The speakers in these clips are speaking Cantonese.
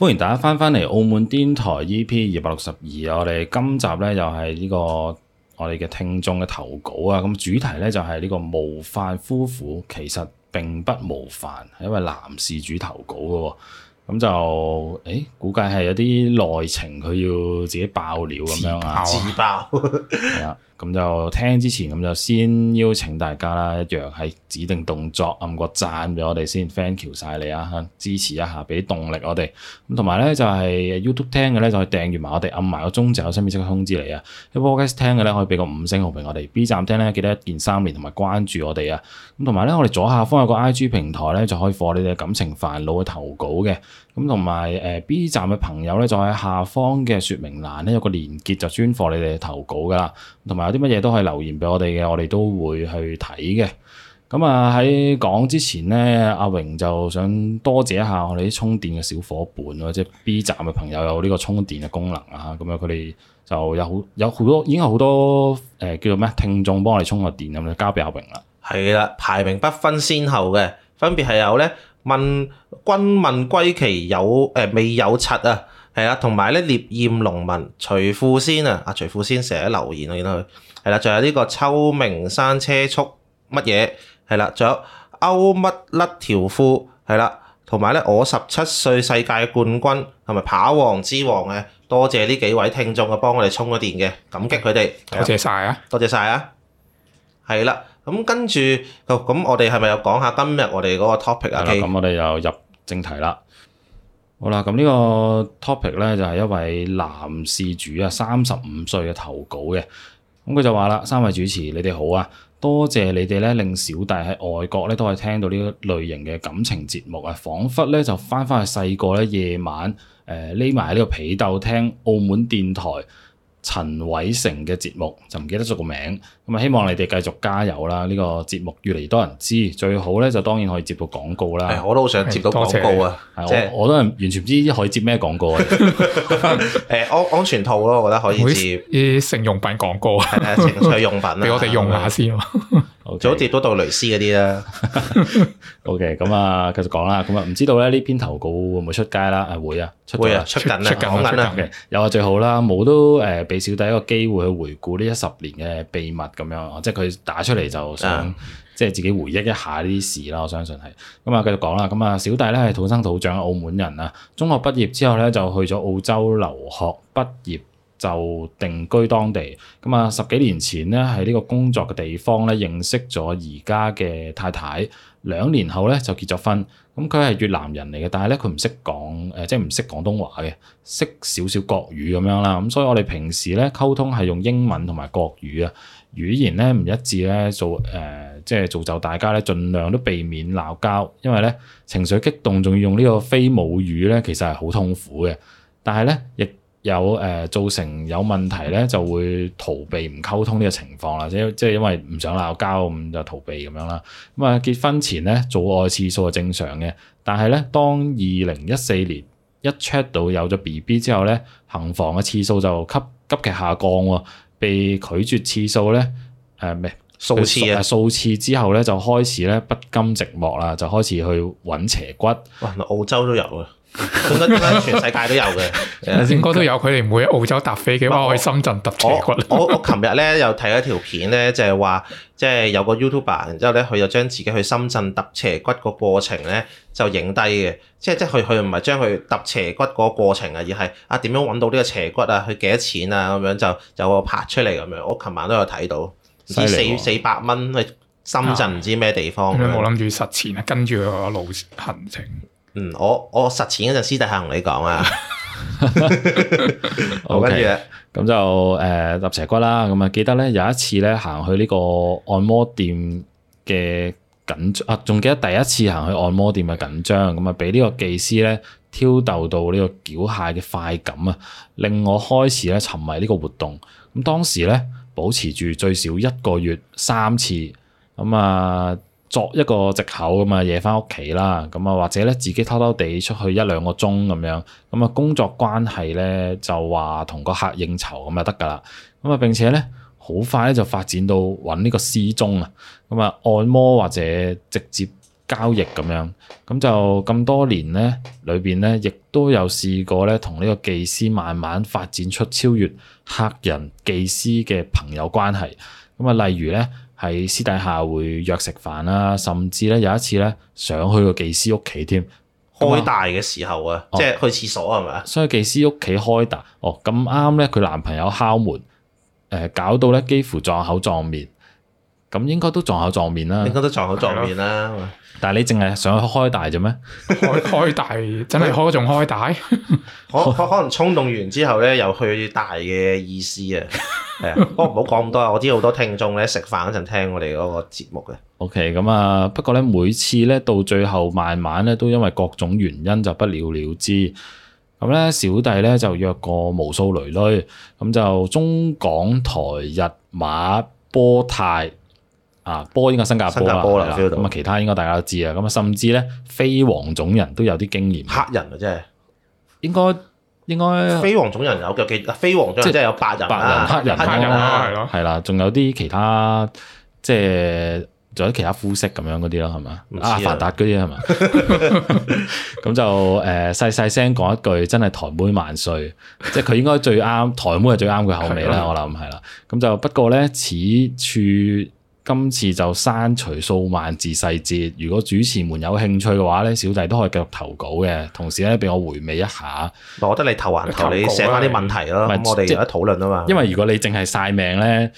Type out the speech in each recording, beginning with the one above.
歡迎大家翻返嚟澳門電台 EP 二百六十二，我哋今集咧又係呢個我哋嘅聽眾嘅投稿啊，咁主題咧就係呢個模範夫婦其實並不模範，係一位男事主投稿嘅喎，咁就誒估計係有啲內情佢要自己爆料咁樣啊，自爆係啊。 咁就聽之前咁就先邀請大家啦，一樣係指定動作，按個讚俾我哋先 Thank you 晒你啊，支持一下，俾動力我哋。咁同埋呢，就係、是、YouTube 聽嘅呢，就係訂閱埋我哋，按埋個鐘就有新面即刻通知你啊。喺 WhatsApp 聽嘅呢，可以俾個五星好評我哋。B 站聽呢，記得一鍵三連同埋關注我哋啊。咁同埋呢，我哋左下方有個 IG 平台呢，就可以放你哋感情煩惱嘅投稿嘅。咁同埋誒 B 站嘅朋友咧，就喺下方嘅説明欄咧有個連結就專俾你哋投稿噶啦，同埋有啲乜嘢都可以留言俾我哋嘅，我哋都會去睇嘅。咁啊喺講之前咧，阿榮就想多謝一下我哋啲充電嘅小伙伴或者、就是、B 站嘅朋友有呢個充電嘅功能啊，咁樣佢哋就有有好多已經有好多誒、呃、叫做咩聽眾幫我哋充下電咁樣，就交俾阿榮啦。係啦，排名不分先後嘅，分別係有咧。問君問歸期有誒、呃、未有七啊係啦，同埋咧獵艷農民徐富先啊，阿徐富先成日留言啊，然後佢係啦，仲、啊、有呢個秋名山車速乜嘢係啦，仲、啊、有歐乜甩條褲係啦，同埋咧我十七歲世界冠軍同埋跑王之王啊，多謝呢幾位聽眾啊，幫我哋充咗電嘅，感激佢哋，多謝晒啊，多謝晒啊，係啦。咁跟住，咁、哦、我哋係咪又講下今日我哋嗰個 topic 啊？咁 我哋又入正題啦。好啦，咁呢個 topic 咧就係一位男事主啊，三十五歲嘅投稿嘅。咁、嗯、佢就話啦：三位主持，你哋好啊，多謝你哋咧令小弟喺外國咧都可以聽到呢類型嘅感情節目啊，彷彿咧就翻返去細、呃、個咧夜晚誒，匿埋喺呢個被竇聽澳門電台。陳偉成嘅節目就唔記得咗個名，咁啊希望你哋繼續加油啦！呢、這個節目越嚟越多人知，最好咧就當然可以接到廣告啦、哎。我都好想接到廣告啊！即係我都係完全唔知可以接咩廣告嘅。誒 安 安全套咯，我覺得可以接。啲性用品廣告啊， 情趣用品俾 我哋用下先。 Okay. okay, um, 就好似多道雷斯嗰啲啦。OK，咁啊，繼續講啦。咁啊，唔知道咧呢篇投稿會唔會出街啦？係會啊，會啊，出緊啦，出緊啦嘅。有啊最好啦，冇一都誒俾小弟一個機會去回顧呢一十年嘅秘密咁樣，即係佢打出嚟就想，即係一自己回憶一下呢啲事啦。我相信係。咁、um, 啊，繼續講啦。咁啊，小弟咧係土生土長嘅澳門人啊。中學畢業之後咧就去咗澳洲留學畢業，就定居當地，咁啊十幾年前呢，喺呢個工作嘅地方呢，認識咗而家嘅太太，兩年後呢，就結咗婚。咁佢係越南人嚟嘅，但係呢，佢、呃、唔、就係、識講誒，即係唔識廣東話嘅，識少少國語咁樣啦。咁所以我哋平時呢，溝通係用英文同埋國語啊，語言呢唔一致呢，造誒，即係造就大家呢盡量都避免鬧交，因為呢，情緒激動仲要用呢個非母語呢，其實係好痛苦嘅。但係呢，亦……有誒、呃、造成有問題咧，就會逃避唔溝通呢個情況啦。即即係因為唔想鬧交咁，就逃避咁樣啦。咁啊結婚前咧做愛次數係正常嘅，但係咧當二零一四年一 check 到有咗 B B 之後咧，行房嘅次數就急急劇下降喎，被拒絕次數咧誒咩數次啊，數次之後咧就開始咧不甘寂寞啦，就開始去搵邪骨。哇！澳洲都有啊～我 覺全世界都有嘅，應該都有。佢哋唔會澳洲搭飛機，我去深圳搭斜骨。我我琴日咧又睇咗條片咧，就係話即係有個 YouTuber，然之後咧佢就將自己去深圳搭斜骨個過程咧就影低嘅。即係即係佢佢唔係將佢搭斜骨個過程啊，而係啊點樣搵到呢個斜骨啊？佢幾多錢啊？咁樣就就個拍出嚟咁樣。我琴晚都有睇到，四四百蚊去深圳，唔知咩地方。你冇諗住實踐啊？跟住個路行程。嗯，我我實踐嗰陣私底下同你講啊，好跟住咧，咁就誒打斜骨啦，咁啊記得咧有一次咧行去呢個按摩店嘅緊張啊，仲記得第一次行去按摩店嘅緊張，咁啊俾呢個技師咧挑逗到呢個繳械嘅快感啊，令我開始咧沉迷呢個活動，咁當時咧保持住最少一個月三次，咁啊。作一個藉口咁啊，夜翻屋企啦，咁啊或者咧自己偷偷地出去一兩個鐘咁樣，咁啊工作關係咧就話同個客應酬咁就得噶啦，咁啊並且咧好快咧就發展到揾呢個司鐘啊，咁啊按摩或者直接交易咁樣。咁就咁多年咧裏邊咧亦都有試過咧同呢個技師慢慢發展出超越客人技師嘅朋友關係，咁啊例如咧。喺私底下會約食飯啦，甚至咧有一次咧，上去個技師屋企添，開大嘅時候啊，噢即係去廁所係咪啊？所以技師屋企開大，哦咁啱咧，佢男朋友敲門，誒搞到咧幾乎撞口撞面。咁應該都撞口撞面啦，應該都撞口撞面啦。了但係你淨係想去開大啫咩？開開大， 真係開仲開大？可 可能衝動完之後咧，又去大嘅意思啊！ 我唔好講咁多啊！我知好多聽眾咧食飯嗰陣聽我哋嗰個節目嘅。OK，咁啊，不過咧每次咧到最後慢慢咧都因為各種原因就不了了之。咁咧小弟咧就約過無數女女，咁就中港台日馬波泰。啊，波應該新加坡啦，波嚟啦。咁啊，其他應該大家都知啊，咁啊甚至咧非黃種人都有啲經驗，黑人啊真係，應該應該非黃種人有嘅幾，非黃種即係有白人、黑人、黑人啦，係咯，係啦，仲有啲其他即係，仲有其他膚色咁樣嗰啲咯，係嘛，阿凡達嗰啲係嘛，咁就誒細細聲講一句，真係台妹萬歲，即係佢應該最啱台妹係最啱佢口味啦，我諗係啦，咁就不過咧此處。今次就刪除數萬字細節。如果主持們有興趣嘅話咧，小弟都可以繼續投稿嘅。同時咧，俾我回味一下，我覺得你頭還頭投還投、啊，你寫翻啲問題咯。係我哋而家討論啊嘛。因為如果你淨係晒命咧，誒、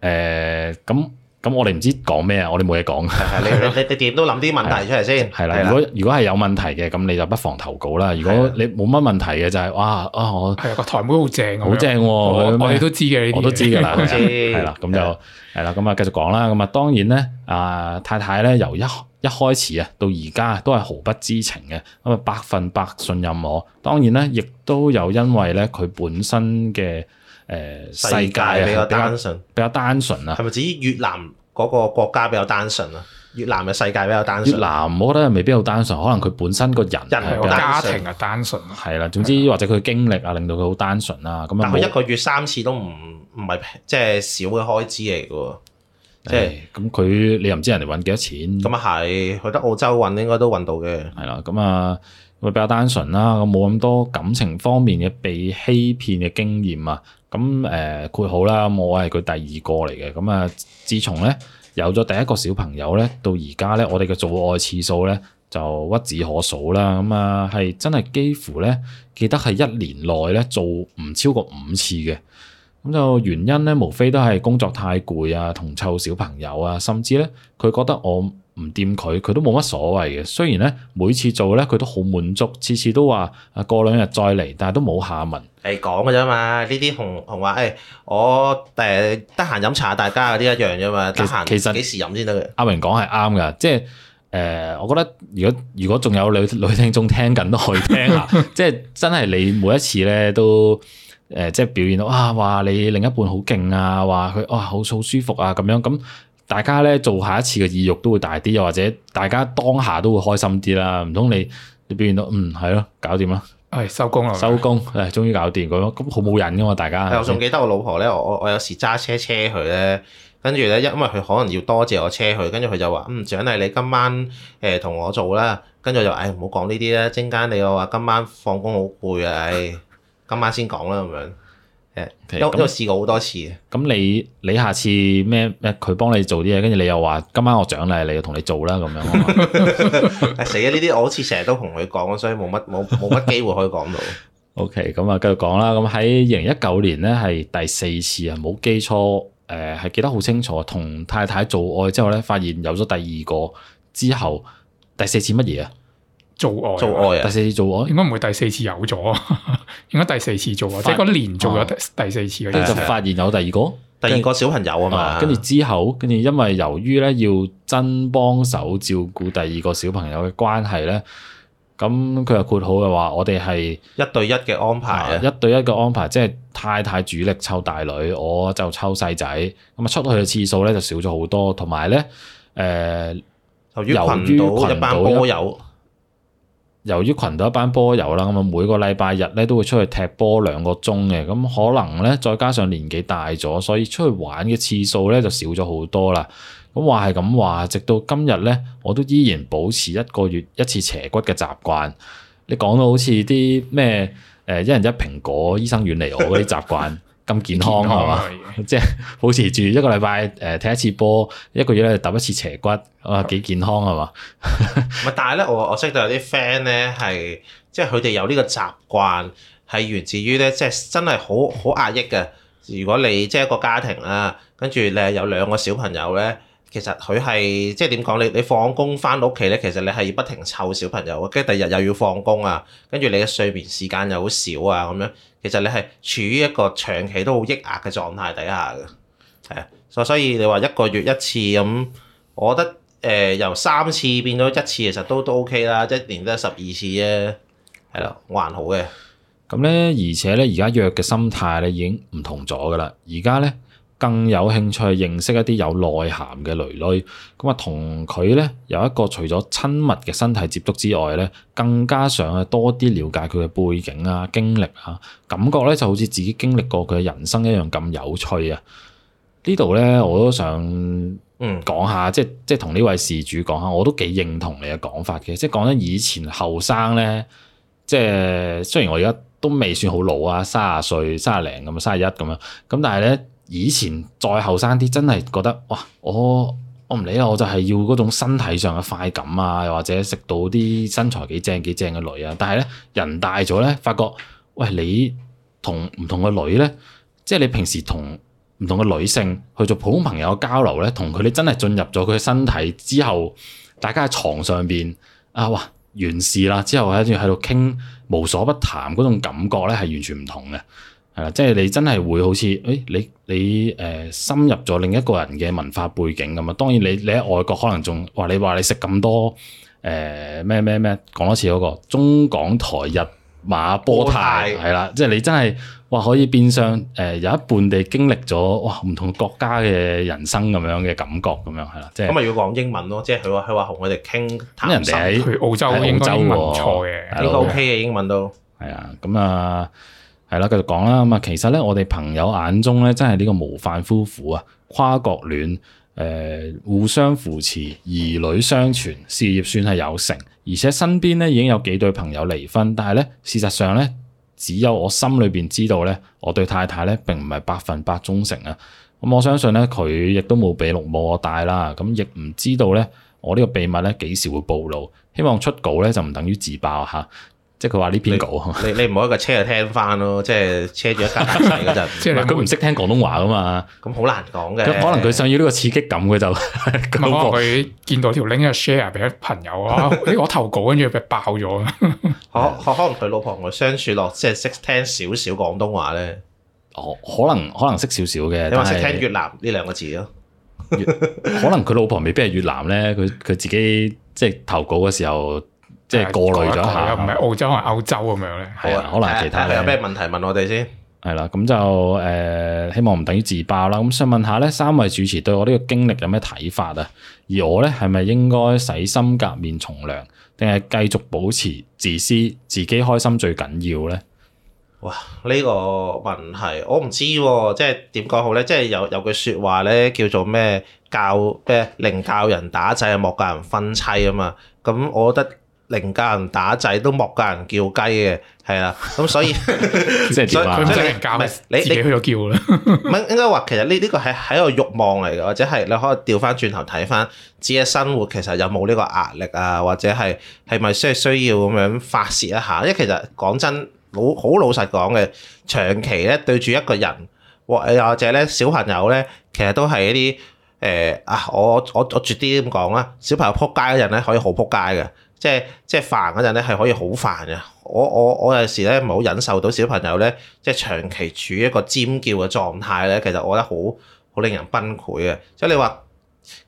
呃、咁。咁我哋唔知講咩啊，我哋冇嘢講。你你你點都諗啲問題出嚟先。係啦，如果如果係有問題嘅，咁你就不妨投稿啦。如果你冇乜問題嘅，就係、係、哇啊，我係個台妹好正，好正喎。我哋都知嘅，呢啲嘢我都知㗎啦，係啦，咁、 啊、就係啦，咁啊就繼續講啦。咁啊當然咧，啊太太咧由一一開始啊到而家都係毫不知情嘅，咁啊百分百信任我。當然咧，亦都有因為咧佢本身嘅。誒，世界比較，比較單純，比較單純啊？係咪指越南嗰個國家比較單純啊？越南嘅世界比較單純。越南我覺得未必好單純，可能佢本身個人，人、比較比較家庭啊單純。係啦，總之或者佢經歷啊，令到佢好單純啊。咁啊，但係一個月三次都唔唔係即係少嘅開支嚟嘅，即係咁佢你又唔知人哋搵幾多錢。咁啊係，去得澳洲搵應該都搵到嘅。係啦，咁、嗯、啊。會比較單純啦，我冇咁多感情方面嘅被欺騙嘅經驗啊，咁誒括好啦，呃、好我係佢第二個嚟嘅，咁啊自從咧有咗第一個小朋友咧，到而家咧，我哋嘅做愛次數咧就屈指可數啦，咁啊係真係幾乎咧記得係一年內咧做唔超過五次嘅，咁就原因咧無非都係工作太攰啊，同湊小朋友啊，甚至咧佢覺得我唔掂佢，佢都冇乜所謂嘅。雖然咧，每次做咧，佢都好滿足，次次都話啊過兩日再嚟，但係都冇下文。係講嘅啫嘛，呢啲同同話誒，我誒、呃、得閒飲茶大家嗰啲一樣啫嘛，其實得閒幾時飲先得嘅？阿榮講係啱㗎，即係誒、呃，我覺得如果如果仲有女 女，女聽眾聽緊都可以聽下，即係真係你每一次咧都誒、欸，即係表現到啊話你另一半好勁啊，話佢哇好好舒服啊咁樣咁。大家咧做下一次嘅意欲都會大啲，又或者大家當下都會開心啲啦。唔通你表現到嗯係咯，搞掂啦，係收工啦，收工，係終於搞掂咁咯。咁好冇癮㗎嘛，大家、哎。我仲記得我老婆咧，我我有時揸車車佢咧，跟住咧，因因為佢可能要多謝我車佢，跟住佢就話嗯，獎勵你今晚誒同我做啦，跟住就誒，唔好講呢啲啦。哎，陣間你又話今晚放工好攰啊、哎，今晚先講啦咁樣。誒，okay, 因為試過好多次咁你你下次咩咩佢幫你做啲嘢，跟住你又話今晚我獎勵你，同你做啦咁樣。係死啊！呢啲我好似成日都同佢講，所以冇乜冇冇乜機會可以講到。O K，咁啊繼續講啦。咁喺二零一九年咧係第四次啊，冇記錯誒，係、呃、記得好清楚。同太太做愛之後咧，發現有咗第二個之後，第四次乜嘢啊？做愛，做愛啊！第四次做愛，應該唔會第四次有咗。應該第四次做啊，即係嗰年做咗第四次嘅。跟住就發現有第二個，第二個小朋友啊嘛。跟住之後，跟住因為由於咧要真幫手照顧第二個小朋友嘅關係咧，咁佢又括號嘅話：我哋係一對一嘅安排，一對一嘅安排，即係太太主力抽大女，我就抽細仔。咁啊，出去嘅次數咧就少咗好多，同埋咧誒，由於羣一班友。由於群到一班波友啦，咁啊每個禮拜日咧都會出去踢波兩個鐘嘅，咁可能咧再加上年紀大咗，所以出去玩嘅次數咧就少咗好多啦。咁話係咁話，直到今日咧，我都依然保持一個月一次邪骨嘅習慣。你講到好似啲咩誒一人一蘋果，醫生遠離我嗰啲習慣。 咁健康係嘛？即係康吧 保持住一個禮拜誒踢一次波，一個月咧揼一次斜骨啊，幾、呃、健康係嘛？唔係， 但係咧，我我識到有啲 friend 咧係，即係佢哋有呢個習慣，係源自於咧，即係真係好好壓抑嘅。如果你即係一個家庭啦、啊，跟住你有兩個小朋友咧。其實佢係即係點講？你你放工翻到屋企咧，其實你係不停湊小朋友，跟住第二日又要放工啊，跟住你嘅睡眠時間又好少啊，咁樣其實你係處於一個長期都好抑壓嘅狀態底下嘅，係啊，所所以你話一個月一次咁，我覺得誒、呃、由三次變咗一次，其實都都 OK 啦，即係一年得十二次啫，係啦，還好嘅。咁咧，而且咧，而家約嘅心態你已經唔同咗噶啦，而家咧。更有興趣認識一啲有內涵嘅女女。咁啊同佢咧有一個除咗親密嘅身體接觸之外咧，更加想啊多啲了解佢嘅背景啊經歷啊，感覺咧就好似自己經歷過佢嘅人生一樣咁有趣啊！呢度咧我都想嗯講下，嗯、即係即係同呢位事主講下，我都幾認同你嘅講法嘅，即係講緊以前後生咧，即係雖然我而家都未算好老啊，三十歲三十零咁啊三十一咁樣，咁但係咧。以前再後生啲，真係覺得哇！我我唔理啦，我就係要嗰種身體上嘅快感啊，又或者食到啲身材幾正幾正嘅女啊。但係咧，人大咗咧，發覺喂，你同唔同嘅女咧，即係你平時同唔同嘅女性去做普通朋友交流咧，同佢哋真係進入咗佢嘅身體之後，大家喺床上邊啊，哇，完事啦，之後喺度喺度傾，無所不談嗰種感覺咧，係完全唔同嘅。係啦，即係你真係會好似，誒、哎、你你誒、呃、深入咗另一個人嘅文化背景咁啊！當然你你喺外國可能仲話你話你食咁多誒咩咩咩，講多次嗰、那個中港台日馬波泰係啦台，即係你真係哇可以變相誒有一半地經歷咗哇唔同國家嘅人生咁樣嘅感覺咁樣係啦，即係咁咪要講英文咯，即係佢話佢話同我哋傾咁人哋喺澳，澳洲，澳洲英文唔錯嘅，應該 OK 嘅英文都係啊，咁啊了～了係啦，繼續講啦。咁啊，其實咧，我哋朋友眼中咧，真係呢個模範夫婦啊，跨國戀，誒、呃，互相扶持，兒女雙全，事業算係有成。而且身邊咧已經有幾對朋友離婚，但係咧，事實上咧，只有我心裏邊知道咧，我對太太咧並唔係百分百忠誠啊。咁我相信咧，佢亦都冇俾綠帽我戴啦。咁亦唔知道咧，我呢個秘密咧幾時會暴露。希望出稿咧就唔等於自爆吓。即係佢話呢篇稿你，你你唔好一個車就聽翻咯，即係車住一家大細嗰陣。 即係佢唔識聽廣東話噶嘛？咁好難講嘅。可能佢想要呢個刺激感，佢就。咁 佢婆見到條 link 啊 share 俾朋友啊，哎我投稿跟住俾爆咗。可可能佢老婆我相處落即係識聽少少廣東話咧。哦 ，可能可能識少少嘅。你話識聽越南呢兩個字咯 可能佢老婆未必係越南咧，佢佢自己即係投稿嘅時候。即係過濾咗下，唔係、嗯、澳洲係歐洲咁樣咧，係啊，啊可能其、啊、他。你有咩問題問我哋先？係啦、啊，咁就誒、呃，希望唔等於自爆啦。咁想問下咧，三位主持對我呢個經歷有咩睇法啊？而我咧係咪應該洗心革面從良，定係繼續保持自私，自己開心最緊要咧？哇！呢、這個問題我唔知喎、啊，即係點講好咧？即係有有句説話咧，叫做咩教咩，寧教人打仔，莫教人分妻啊嘛。咁、嗯、我覺得。寧教人打仔都莫教人叫雞嘅，係啊。咁所以， 所以佢唔使人教。是你你自己去咗叫啦你，唔 應該話，其實呢呢個係喺個慾望嚟嘅，或者係你可以調翻轉頭睇翻自己生活，其實有冇呢個壓力啊？或者係係咪需要需要咁樣發泄一下？因為其實講真，老好老實講嘅，長期咧對住一個人或或者咧小朋友咧，其實都係一啲誒啊，我我我絕啲咁講啦，小朋友撲街嘅人咧可以好撲街嘅。即係即係煩嗰陣咧，係可以好煩嘅。我我我有時咧冇忍受到小朋友咧，即係長期處於一個尖叫嘅狀態咧，其實我覺得好好令人崩潰啊！即係你話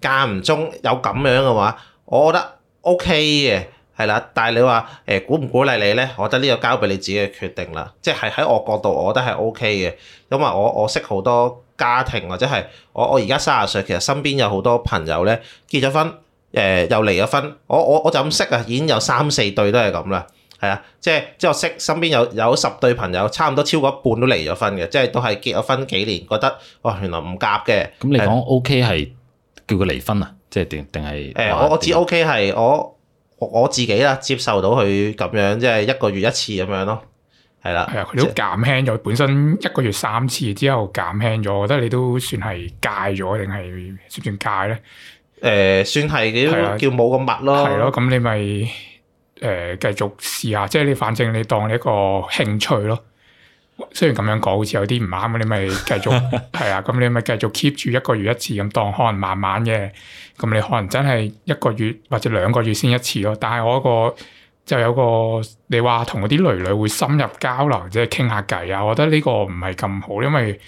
間唔中有咁樣嘅話，我覺得 OK 嘅，係啦。但係你話誒鼓唔鼓勵你咧？我覺得呢個交俾你自己嘅決定啦。即係喺我角度，我覺得係 OK 嘅，因為我我識好多家庭或者係我我而家三十歲，其實身邊有好多朋友咧結咗婚。誒又離咗婚，我我我就咁識啊，已經有三四對都係咁啦，係啊，即係即係我識身邊有有十對朋友，差唔多超過一半都離咗婚嘅，即係都係結咗婚幾年覺得哇、哦、原來唔夾嘅。咁、嗯嗯、你講 O K 係叫佢離婚啊？即係定定係誒？我我只 O K 係我我自己啦，接受到佢咁樣，即係一個月一次咁樣咯，係啦。係啊、嗯，佢都減輕咗本身一個月三次之後減輕咗，我覺得你都算係戒咗定係算唔算戒咧？誒、呃、算係幾叫冇咁密咯，係咯，咁你咪誒、呃、繼續試下，即係你反正你當你一個興趣咯。雖然咁樣講，好似有啲唔啱，你咪繼續係啊。咁 你咪繼續 keep 住一個月一次咁當，可能慢慢嘅。咁你可能真係一個月或者兩個月先一次咯。但係我嗰個就有個你話同嗰啲女女會深入交流，即係傾下偈啊。我覺得呢個唔係咁好，因為，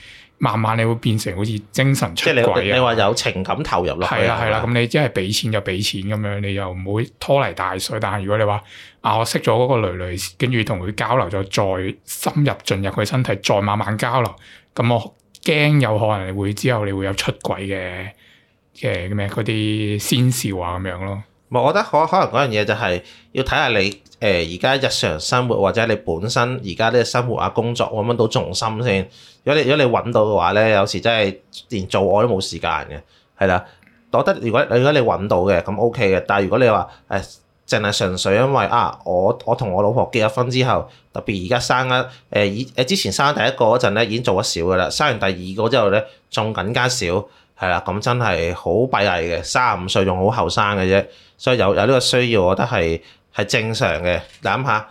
慢慢你會變成好似精神出軌啊！你話有情感投入啦的，係啦係啦。咁的的你即係俾錢就俾錢咁樣，你又唔會拖泥帶水。但係如果你話啊，我識咗嗰個女女，跟住同佢交流咗，再深入進入佢身體，再慢慢交流，咁我驚有可能會之後你會有出軌嘅嘅咩嗰啲先兆啊咁樣咯。我覺得可可能嗰樣嘢就係要睇下你誒而家日常生活，或者你本身而家啲生活啊、工作揾唔揾到重心先。如果你如果你揾到嘅話咧，有時真係連做愛都冇時間嘅，係啦。我覺得如果如果你揾到嘅，咁 OK 嘅。但係如果你話誒，淨係純粹因為啊，我我同我老婆結咗婚之後，特別而家生一誒以誒之前生第一個嗰陣咧已經做咗少㗎啦，生完第二個之後咧仲更加少。係啦，咁真係好閉翳嘅，三十五歲仲好後生嘅啫，所以有有呢個需要，我覺得係係正常嘅。諗下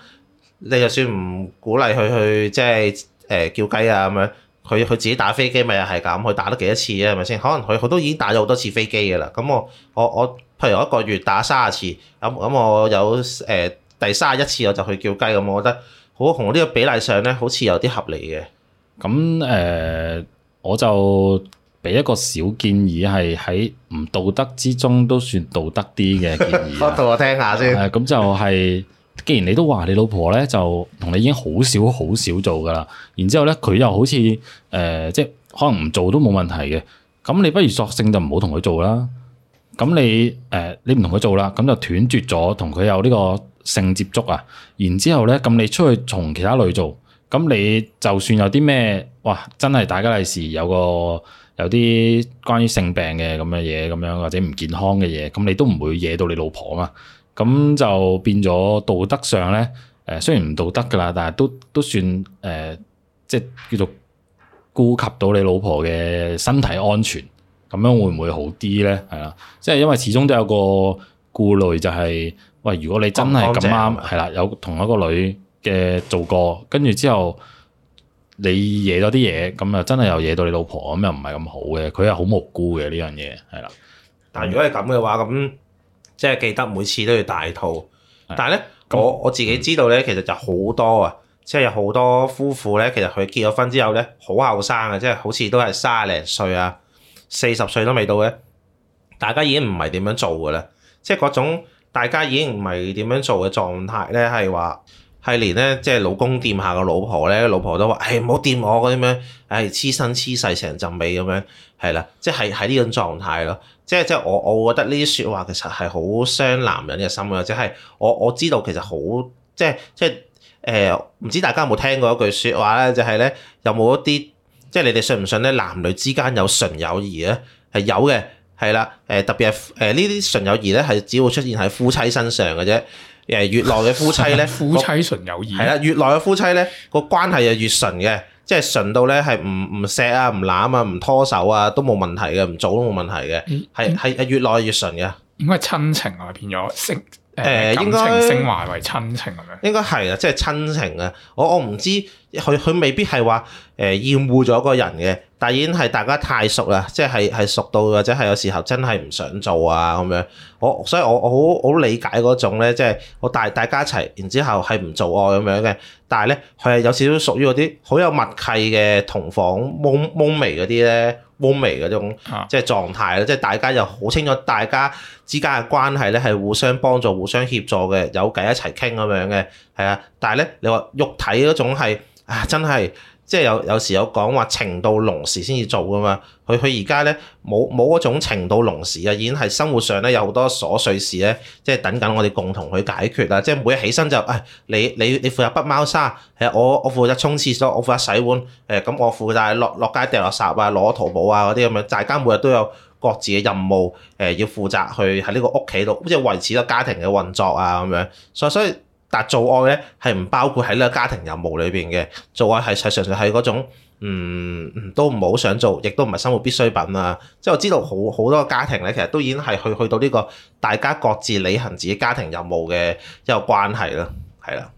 你就算唔鼓勵佢去即係誒叫雞啊咁樣，佢佢自己打飛機咪又係咁，佢打得幾多次啊？係咪先？可能佢佢都已經打咗好多次飛機嘅啦。咁我我我譬如我一個月打三十次，咁、嗯、咁、嗯、我有誒、呃、第三十一次我就去叫雞咁、嗯，我覺得好紅呢個比例上咧好似有啲合理嘅。咁誒、呃、我就。俾一個小建議係喺唔道德之中都算道德啲嘅建議啊，講 我聽下先。 咁就係、是，既然你都話你老婆咧就同你已經好少好少做噶啦，然之後咧佢又好似誒、呃、即係可能唔做都冇問題嘅，咁你不如索性就唔好同佢做啦。咁你誒、呃、你唔同佢做啦，咁就斷絕咗同佢有呢個性接觸啊。然之後咧，咁你出去同其他女做，咁你就算有啲咩，哇真係大吉利是有個。有啲關於性病嘅咁嘅嘢，咁樣或者唔健康嘅嘢，咁你都唔會惹到你老婆嘛？咁就變咗道德上呢，誒雖然唔道德噶啦，但係都都算誒、呃，即係叫做顧及到你老婆嘅身體安全，咁樣會唔會好啲呢？係啦，即係因為始終都有個顧慮、就係，就係喂，如果你真係咁啱，係啦，有同一個女嘅做過，跟住之後。你惹咗啲嘢，咁啊真係又惹到你老婆，咁又唔係咁好嘅。佢係好無辜嘅呢樣嘢，係啦。但如果係咁嘅話，咁即係記得每次都要大套。但係咧，我我自己知道咧，其實就好多啊，即係有好多夫婦咧，其實佢結咗婚之後咧，好後生啊，即係好似都係三十歲啊，四十歲都未到嘅。大家已經唔係點樣做嘅啦，即係嗰種大家已經唔係點樣做嘅狀態咧，係話。係連咧，即係老公掂下個老婆咧，老婆都話：誒，唔好掂我嗰啲咩，誒黐身黐細成陣味咁樣，係啦，即係喺呢種狀態咯。即係即係我我覺得呢啲説話其實係好傷男人嘅心嘅，即係我我知道其實好即係即係誒，唔知大家有冇聽過一句説話咧？就係咧，有冇一啲即係你哋信唔信咧？男女之間有純友誼咧，係有嘅，係啦，誒特別係誒呢啲純友誼咧，係只會出現喺夫妻身上嘅啫。誒越耐嘅夫妻咧， 夫妻純友誼係啦，越耐嘅夫妻咧，個關係就越純嘅，即係純到咧係唔唔錫啊、唔攬啊、唔拖手啊，都冇問題嘅，唔做都冇問題嘅，係係係越耐越純嘅。應該親情啊變咗性。 誒，應該昇華為親情咁樣，應該係啊，即係親情啊。我我唔知佢佢未必係話誒厭惡咗個人嘅，但已經係大家太熟啦，即係係係熟到或者係有時候真係唔想做啊咁樣。我所以我，我我好好理解嗰種咧，即係我大大家一齊，然之後係唔做愛咁樣嘅，但係咧佢係有少少屬於嗰啲好有默契嘅同房矇矇眉嗰啲咧。溫微嗰種即係狀態咧，即係大家又好清楚，大家之間嘅關係咧係互相幫助、互相協助嘅，有偈一齊傾咁樣嘅，係啊！但係咧，你話肉體嗰種係啊，真係～即係有有時有講話情到濃時先至做㗎嘛，佢佢而家咧冇冇嗰種情到濃時啊，已經係生活上咧有好多瑣碎事咧，即係等緊我哋共同去解決啦。即係每日起身就誒、哎，你你你，你負責筆貓砂，係我我負責沖廁所，我負責洗碗，誒、欸、咁我負責落落，落街掉垃圾啊，攞淘寶啊嗰啲咁樣，大家每日都有各自嘅任務，誒、呃、要負責去喺呢個屋企度即係維持個家庭嘅運作啊咁樣，所以所以。但做愛咧係唔包括喺呢個家庭任務裏邊嘅，做愛係實上上係嗰種，嗯、都唔好想做，亦都唔係生活必需品啊！即係我知道好好多家庭咧，其實都已經係去去到呢個大家各自履行自己家庭任務嘅一個關係啦，係啦。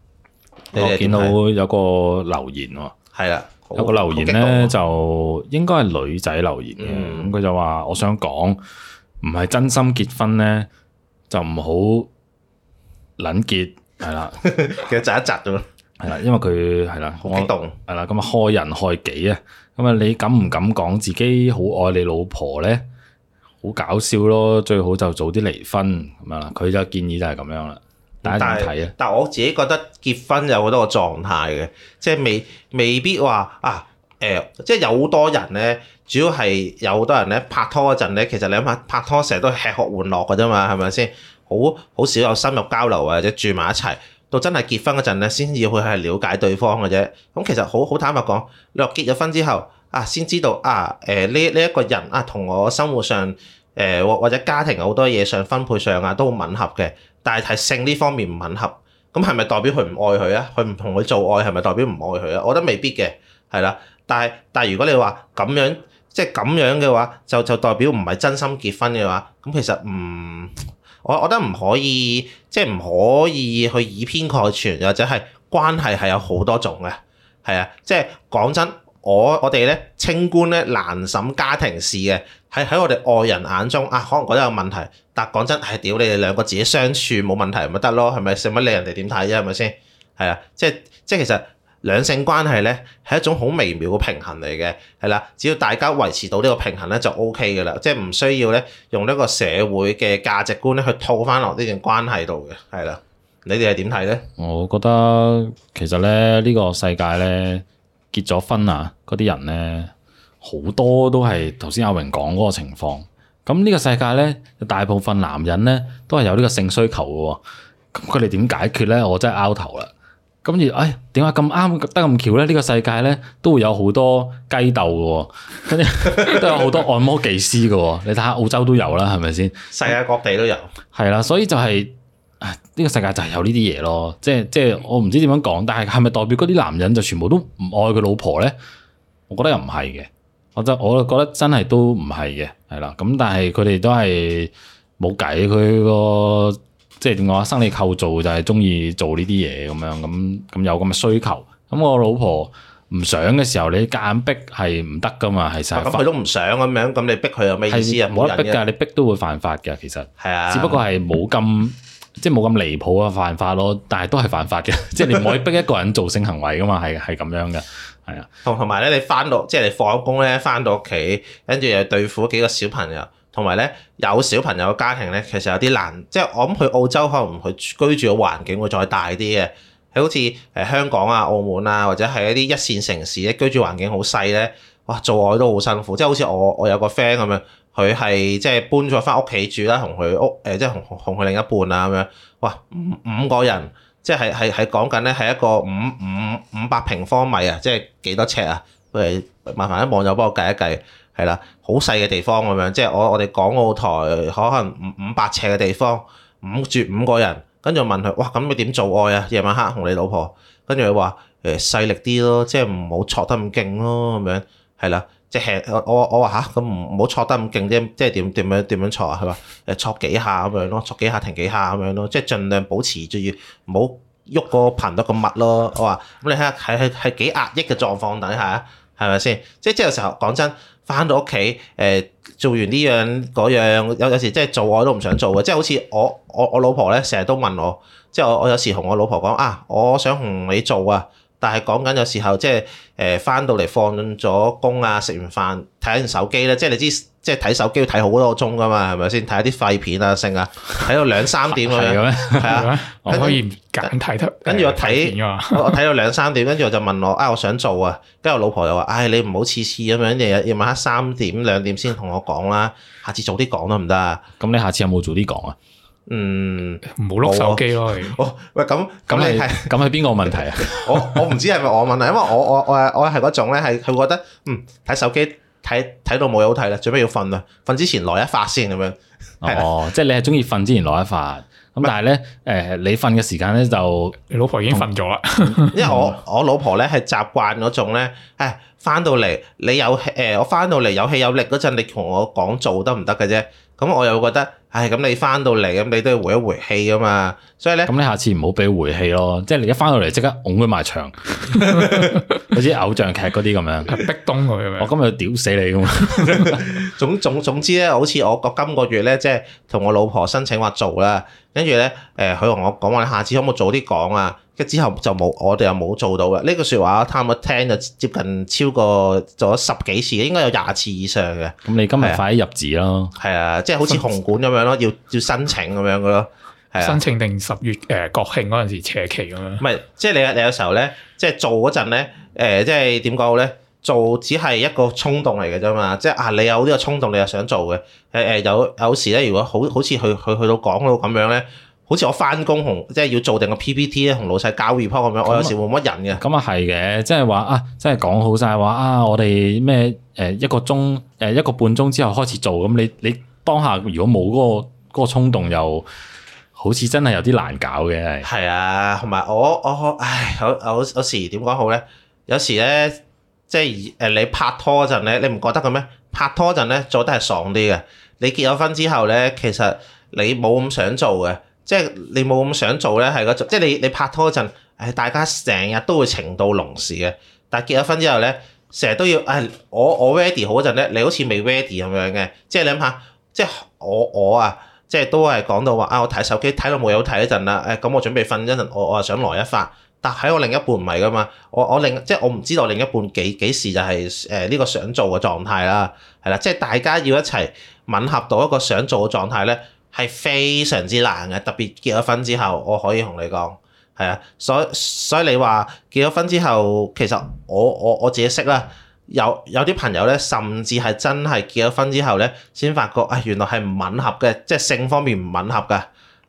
你見到有個留言喎，係啦，有個留言咧就應該係女仔留言嘅，咁佢、嗯、就話：我想講，唔係真心結婚咧，就唔好諗結。係啦， 其實扎一扎啫嘛。係啦，因為佢係啦，好激動。係啦，咁啊害人害己啊。咁啊，你敢唔敢講自己好愛你老婆咧？好搞笑咯，最好就早啲離婚咁樣啦。佢就建議就係咁樣啦。大家睇啊，但係我自己覺得結婚有好多個狀態嘅，即係未未必話啊。誒、呃，即係有好多人咧，主要係有好多人咧拍拖嗰陣咧，其實你諗下，拍拖成日都吃喝玩樂噶啫嘛，係咪先？好好少有深入交流啊，或者住埋一齊，到真係結婚嗰陣咧，先至要去係瞭解對方嘅啫。咁其實好好坦白講，你話結咗婚之後啊，先知道啊，誒呢呢一個人啊，同我生活上誒或、呃、或者家庭好多嘢上分配上啊，都好吻合嘅，但係係性呢方面唔吻合，咁係咪代表佢唔愛佢啊？佢唔同佢做愛係咪代表唔愛佢啊？我覺得未必嘅，係啦。但係但係如果你話咁樣即係咁樣嘅話，就就代表唔係真心結婚嘅話，咁其實唔。嗯我覺得唔可以，即係唔可以去以偏概全，或者係關係係有好多種嘅，係啊，即係講真，我我哋咧清官咧難審家庭事嘅，係喺我哋外人眼中啊，可能覺得有問題，但講真係屌你哋兩個自己相處冇問題咪得咯，係咪？使乜理人哋點睇啫，係咪先？係啊，即係即係其實。兩性關係咧係一種好微妙嘅平衡嚟嘅，係啦，只要大家維持到呢個平衡咧就 O K 嘅啦，即係唔需要咧用呢個社會嘅價值觀咧去套翻落呢段關係度嘅，係啦，你哋係點睇咧？我覺得其實咧呢個世界咧結咗婚啊嗰啲人咧好多都係頭先阿榮講嗰個情況，咁呢個世界咧大部分男人咧都係有呢個性需求嘅，咁佢哋點解決咧？我真係拗頭啦～咁住，哎，點解咁啱得咁巧咧？巧呢、呢個世界咧都會有好多雞竇嘅，跟住 都有好多按摩技師嘅、哦。你睇下澳洲都有啦，係咪先？世界各地都有，係啦。所以就係、是、呢、呢個世界就係有呢啲嘢咯。即係即係我唔知點樣講，但係係咪代表嗰啲男人就全部都唔愛佢老婆咧？我覺得又唔係嘅，我就我就覺得真係都唔係嘅，係啦。咁但係佢哋都係冇計，佢、那個。即係點講啊？生理構造就係中意做呢啲嘢咁樣，咁咁有咁嘅需求。咁我老婆唔想嘅時候，你夾硬逼係唔得噶嘛？係實咁佢、啊嗯、都唔想咁樣，咁你逼佢有咩意思啊？冇得逼㗎，你逼都會犯法㗎。其實係啊，只不過係冇咁即係冇咁離譜嘅犯法咯。但係都係犯法嘅，即係你唔可以逼一個人做性行為㗎嘛。係係咁樣嘅，係啊。同埋咧，你翻到即係你放咗工咧，翻到屋企，跟住又對付幾個小朋友。 同埋咧，有小朋友嘅家庭咧，其實有啲難，即係我諗去澳洲可能佢居住嘅環境會再大啲嘅，係好似誒香港啊、澳門啊，或者係一啲一線城市咧，居住環境好細咧，哇，做愛都好辛苦，即係好似我我有個 friend 咁樣，佢係即係搬咗翻屋企住啦，同佢屋誒即係同同佢另一半啊咁樣，哇，五五個人即係係係講緊咧係一個五五五百平方米啊，即係幾多尺啊？誒，麻煩一網友幫我計一計。係啦，好細嘅地方咁樣，即係我我哋港澳台可能五五百尺嘅地方，五住五個人，跟住我問佢，哇咁你點做愛啊？夜晚黑同你老婆，跟住佢話誒細力啲咯，即係唔好挫得咁勁咯，咁樣係啦，即係我我我話吓，咁唔好挫得咁勁啫，即係點點樣點樣挫啊？佢話誒挫幾下咁樣咯，挫幾下停幾下咁樣咯，即係盡量保持住要唔好喐個頻率咁密咯。我話咁你睇下係係係幾壓抑嘅狀況底下，係咪先？即即係有時候講真。翻到屋企，誒、呃、做完呢樣嗰樣，有有時即係做我都唔想做嘅，即係好似我我我老婆咧，成日都問我，即係我我有時同我老婆講啊，我想同你做啊，但係講緊有時候即係誒翻到嚟放咗工啊，食完飯睇下手機咧，即係你知。即係睇手機要睇好多鐘，噶嘛，係咪？先睇下啲廢片啊剩 嗎啊，睇到兩三點咁樣，係啊，可以唔揀睇得，跟住我睇， 我睇到兩三點，跟住我就問我啊、哎，我想做啊，跟住我老婆又話，唉、哎，你唔好次次咁樣，日日夜晚黑三點兩點先同我講啦，下次早啲講得唔得？啊。咁你下次有冇早啲講啊？嗯，唔好碌手機咯。喂，咁咁你係，咁係邊個問題啊？ 我我唔知係咪我問題，因為我我我我係嗰種咧，係佢覺得嗯睇手機。睇睇到冇嘢好睇啦，最尾要瞓啦，瞓之前嚟一發先咁樣。哦， 的哦，即係你係中意瞓之前嚟一發，咁是但係咧，誒、呃，你瞓嘅時間咧就，你老婆已經瞓咗啦。 因為我我老婆咧係習慣嗰種咧，誒、哎，翻到嚟你有氣，誒、呃，我翻到嚟有氣有力嗰陣，你同我講做得唔得嘅啫。咁我又覺得，唉，咁你翻到嚟，咁你都要回一回氣啊嘛，所以咧，咁你下次唔好俾回氣咯，即係你一翻到嚟即刻拱佢埋牆，好似 偶像劇嗰啲咁樣，逼東佢咁樣。我今日屌死你咁啊！ 總總總之咧，好似我今個月咧，即係同我老婆申請話做啦，跟住咧，誒、呃，佢同我講話，你下次可唔可以早啲講啊？之後就冇，我哋又冇做到嘅。呢句説話，聽一聽就接近超過咗十幾次，應該有廿次以上嘅。咁你今日快啲入紙咯，係啊，啊，即係好似紅館咁樣咯，要要申請咁樣嘅咯，係啊，申請定十月誒、呃、國慶嗰陣時斜期咁樣。唔係，即係你有你有時候咧，即係做嗰陣咧，誒、呃，即係點講好咧？做只係一個衝動嚟嘅啫嘛，即係啊，你有呢個衝動，你又想做嘅。誒、呃、誒，有有時咧，如果好好似去去去，去到講到咁樣咧。好似我翻工同即係要做定個 PPT 咧，同老細搞 report 咁樣，樣我有時冇乜人嘅。咁啊係嘅，即係話啊，即係講好晒話啊，我哋咩誒一個鐘誒、呃、一個半鐘之後開始做，咁你你當下如果冇嗰、那個嗰、那個衝動又，又好似真係有啲難搞嘅。係啊，同埋我我唉有有有時點講好咧？有時咧即係誒你拍拖嗰陣咧，你唔覺得咁咩？拍拖陣咧做得係爽啲嘅。你結咗婚之後咧，其實你冇咁想做嘅。即係你冇咁想做咧，係嗰陣，即係你你拍拖嗰陣，誒大家成日都會情到濃時嘅。但係結咗婚之後咧，成日都要誒、哎、我我 ready 好嗰陣咧，你好似未 ready 咁樣嘅。即係你諗下，即係我我啊，即係都係講到話啊，我睇手機睇到冇有睇嗰陣啦。誒、哎、咁我準備瞓一陣，我我想來一發。但喺我另一半唔係㗎嘛，我我另即係我唔知道另一半幾幾時就係誒呢個想做嘅狀態啦，係啦，即係大家要一齊吻合到一個想做嘅狀態咧。係非常之難嘅，特別結咗婚之後，我可以同你講，係啊，所以所以你話結咗婚之後，其實我我我自己識啦，有有啲朋友咧，甚至係真係結咗婚之後咧，先發覺啊、哎，原來係唔吻合嘅，即係性方面唔吻合㗎，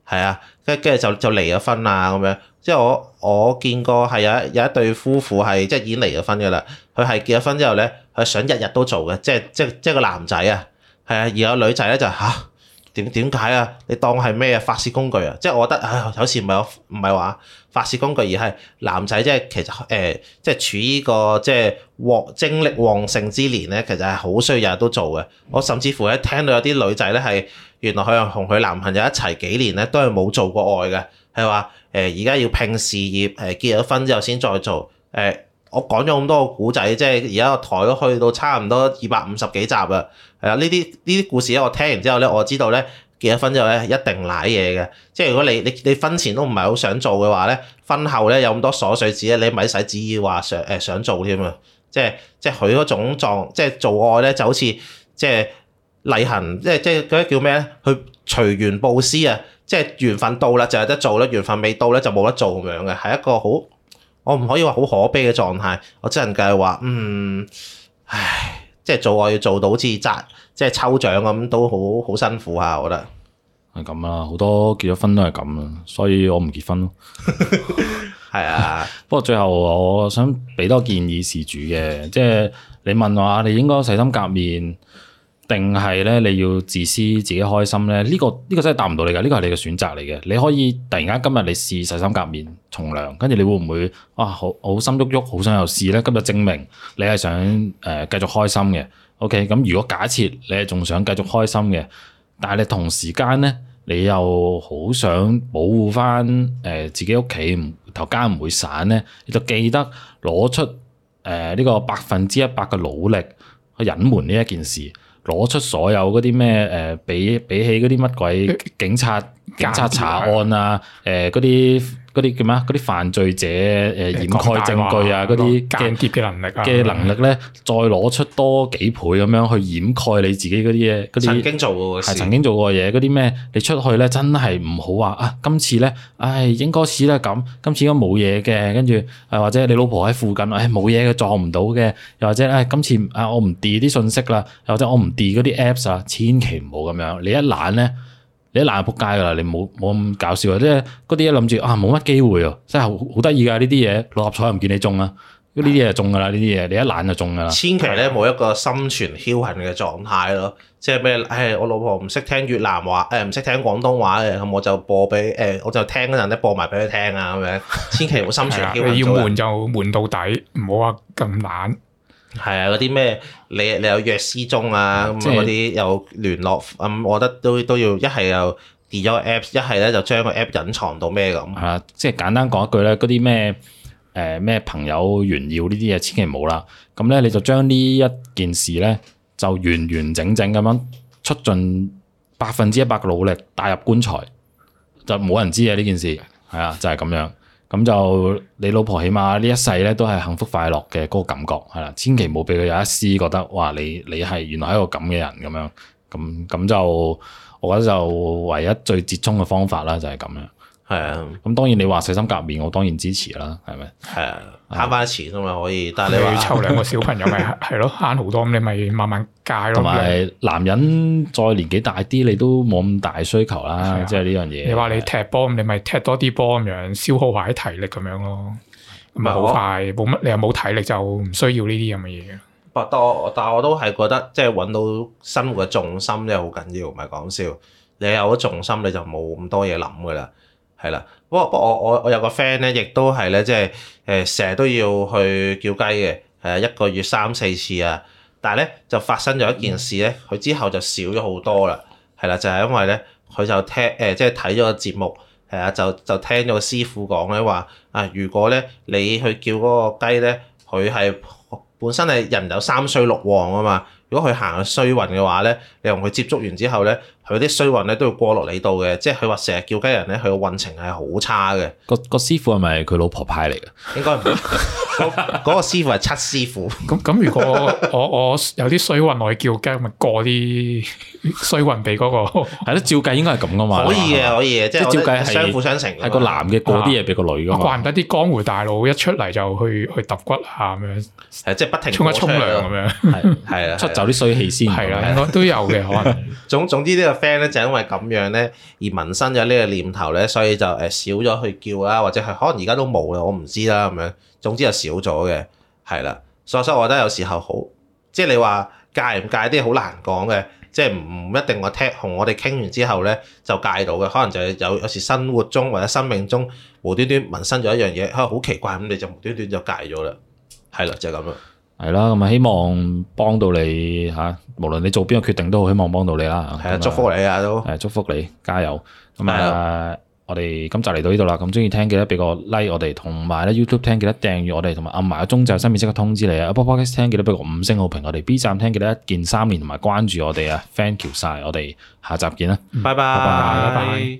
係啊，跟跟住就就離咗婚喇咁樣。即係我我見過係有一有一對夫婦係即係已經離咗婚㗎喇，佢係結咗婚之後咧，佢想日日都做嘅，即係即係即係個男仔啊，係啊，而有女仔咧就嚇。啊點點解啊？你當我係咩啊？發泄工具啊！即係我覺得，唉、哎，有時唔係我唔係話發泄工具，而係男仔即係其實誒、呃，即係處於、這個即係旺精力旺盛之年咧，其實係好需要日日都做嘅。我甚至乎喺聽到有啲女仔咧係原來佢又同佢男朋友一齊幾年咧都係冇做過愛嘅，係話誒而家要拼事業，誒、呃、結咗婚之後先再做誒。呃我講咗咁多個古仔，即係而家個台都去到差唔多二百五十幾集啦。係啊，呢啲呢啲故事咧，我聽完之後咧，我知道咧結咗婚之後咧一定賴嘢嘅。即係如果你你你婚前都唔係好想做嘅話咧，婚後咧有咁多瑣碎事咧，你咪使旨意話想誒想做添啊。即係即係佢嗰種狀，即係做愛咧就好似即係例行，即係即係嗰啲叫咩咧？佢隨緣布施啊，即係緣分到啦就有得做啦，緣分未到咧就冇得做咁樣嘅，係一個好。我唔可以話好可悲嘅狀態，我只能計話，嗯，唉，即係做我要做到似集，即係抽獎咁，都好好辛苦下，我覺得係咁啊，好多結咗婚都係咁啊，所以我唔結婚咯。係 啊， 不過最後我想俾多建議事主嘅，即係你問我，你應該洗心革面，定係咧，你要自私自己開心咧？呢、呢個呢、呢個真係答唔到你㗎。呢、呢個係你嘅選擇嚟嘅。你可以突然間今日你試洗心革面從良，跟住你會唔會啊，好好心喐喐，好想又試呢。今日證明你係想誒、呃、繼續開心嘅。OK，咁如果假設你係仲想繼續開心嘅，但係你同時間呢，你又好想保護翻誒自己屋企，唔、呃、頭家唔會散呢，你就記得攞出誒呢、呃呢個百分之一百嘅努力去隱瞞呢一件事。攞出所有嗰啲咩，呃，比起嗰啲乜鬼警察查案啊，嗰啲。呃嗰啲叫咩啊？嗰啲犯罪者誒掩蓋證據啊，嗰啲間諜嘅能力啊，嘅能力咧，再攞出多幾倍咁樣去掩蓋你自己嗰啲嘢，嗰啲曾經做過係曾經做過嘢，嗰啲咩？你出去咧真係唔好話啊！今次咧，唉、哎，應該似咧咁，今次應該冇嘢嘅。跟住誒，或者你老婆喺附近，誒冇嘢嘅撞唔到嘅。又或者誒、啊，今次啊，我唔 d 啲信息啦，又或者我唔 d 嗰啲 apps 啦，千祈唔好咁樣。你一懶咧～你一懶就撲街噶啦，你冇冇咁搞笑啊！即係嗰啲一諗住啊，冇乜機會哦，真係好得意噶呢啲嘢，六合彩唔見你中啊，呢啲嘢就中噶啦，呢啲嘢你一懶就中噶啦。千祈咧冇一個心存僥倖嘅狀態咯，嗯、即係咩？誒、哎，我老婆唔識聽越南話，誒唔識聽廣東話嘅，咁我就播俾誒、哎，我就聽嗰陣咧播埋俾佢聽啊咁樣。千祈好心存僥，僥倖。 你要悶就悶到底，唔好話咁懶。係啊，嗰啲咩你你有約失蹤啊咁嗰啲有聯絡咁、嗯，我覺得都都要一係又 delete 咗個 app，一係咧就將個 app 隱藏到咩咁。係啊，即係簡單講一句咧，嗰啲咩誒咩朋友炫耀呢啲嘢，千祈唔好啦。咁咧你就將呢一件事咧就完完整整咁樣出盡百分之一百嘅努力帶入棺材，就冇人知啊。呢件事，係啊就係、是、咁樣。咁就你老婆起碼呢一世咧，都係幸福快樂嘅嗰個感覺係啦，千祈冇俾佢有一絲覺得哇，你你係原來係一個咁嘅人咁樣，咁咁就我覺得就唯一最折衷嘅方法啦，就係咁樣。係咁，當然你話洗心革面，我當然支持啦，係咪？係啊，慳翻錢啊嘛，可以。但係你湊兩個小朋友咪係咯，慳好 多咁，你咪慢慢戒咯。同埋男人再年紀大啲，你都冇咁大需求啦，即係呢樣嘢。你話你踢波，你咪踢多啲波咁樣，消耗埋啲體力咁樣咯，咪好的快。冇乜我，你又冇體力就唔需要呢啲咁嘅嘢。不過，但我都係覺得即係揾到生活嘅重心即係好緊要，唔係講笑。你有咗重心，你就冇咁多嘢諗噶啦。係啦，不過，不過我我我有個 friend 咧，亦都係咧、就是，即係誒成日都要去叫雞嘅，誒、呃、一個月三四次啊。但係咧就發生咗一件事咧，佢之後就少咗好多啦。係啦，就係、是、因為咧，佢就聽誒、呃、即係睇咗個節目，係、呃、啊，就就聽咗個師傅講咧話啊，如果咧你去叫嗰個雞咧，佢係本身係人有三衰六旺啊嘛，如果佢行嘅衰運嘅話咧，你同佢接觸完之後咧。有啲衰運咧都要過落你度嘅，即係佢話成日叫雞人咧，佢個運程係好差嘅。個個師傅係咪佢老婆派嚟嘅？應該唔係，嗰個師傅係七師傅。咁咁，如果我我有啲衰運，我去叫雞，咪過啲衰運俾嗰個。係咯，照計應該係咁噶嘛。可以嘅，可以嘅，即係照計係相輔相成。係個男嘅過啲嘢俾個女嘅。怪唔得啲江湖大佬一出嚟就去去揼骨下咁樣，即係不停沖一沖涼咁樣。係係啊，出走啲衰氣先。係啦，都都有嘅可能。總總之咧。friend 咧就因為咁樣咧而萌生咗呢個念頭咧，所以就誒少咗去叫啦，或者係可能而家都冇啦，我唔知啦咁樣。總之就少咗嘅，係啦。所以所以我覺得有時候好，即係你話戒唔戒啲好難講嘅，即係唔一定我聽同我哋傾完之後咧就戒到嘅，可能就係有有時生活中或者生命中無端端萌生咗一樣嘢，可能好奇怪咁你就無端端就戒咗啦，係啦，就係咁樣。係啦，咁啊希望幫到你吓，無論你做邊個決定都好，希望幫到你啦。係啊的，那祝福你啊都。係也祝福你，加油。咁的啊，我哋今集嚟到呢度啦，咁中意聽記得俾個 like 我哋，同埋咧 YouTube 聽記得訂閱我哋，同埋按埋個鐘就新片即刻通知你啊。Apple Podcast 聽記得俾個五星好評，我哋 B 站聽記得一鍵三連，同埋關注我哋啊，thank you 晒， 謝謝我哋下集見啦，拜拜。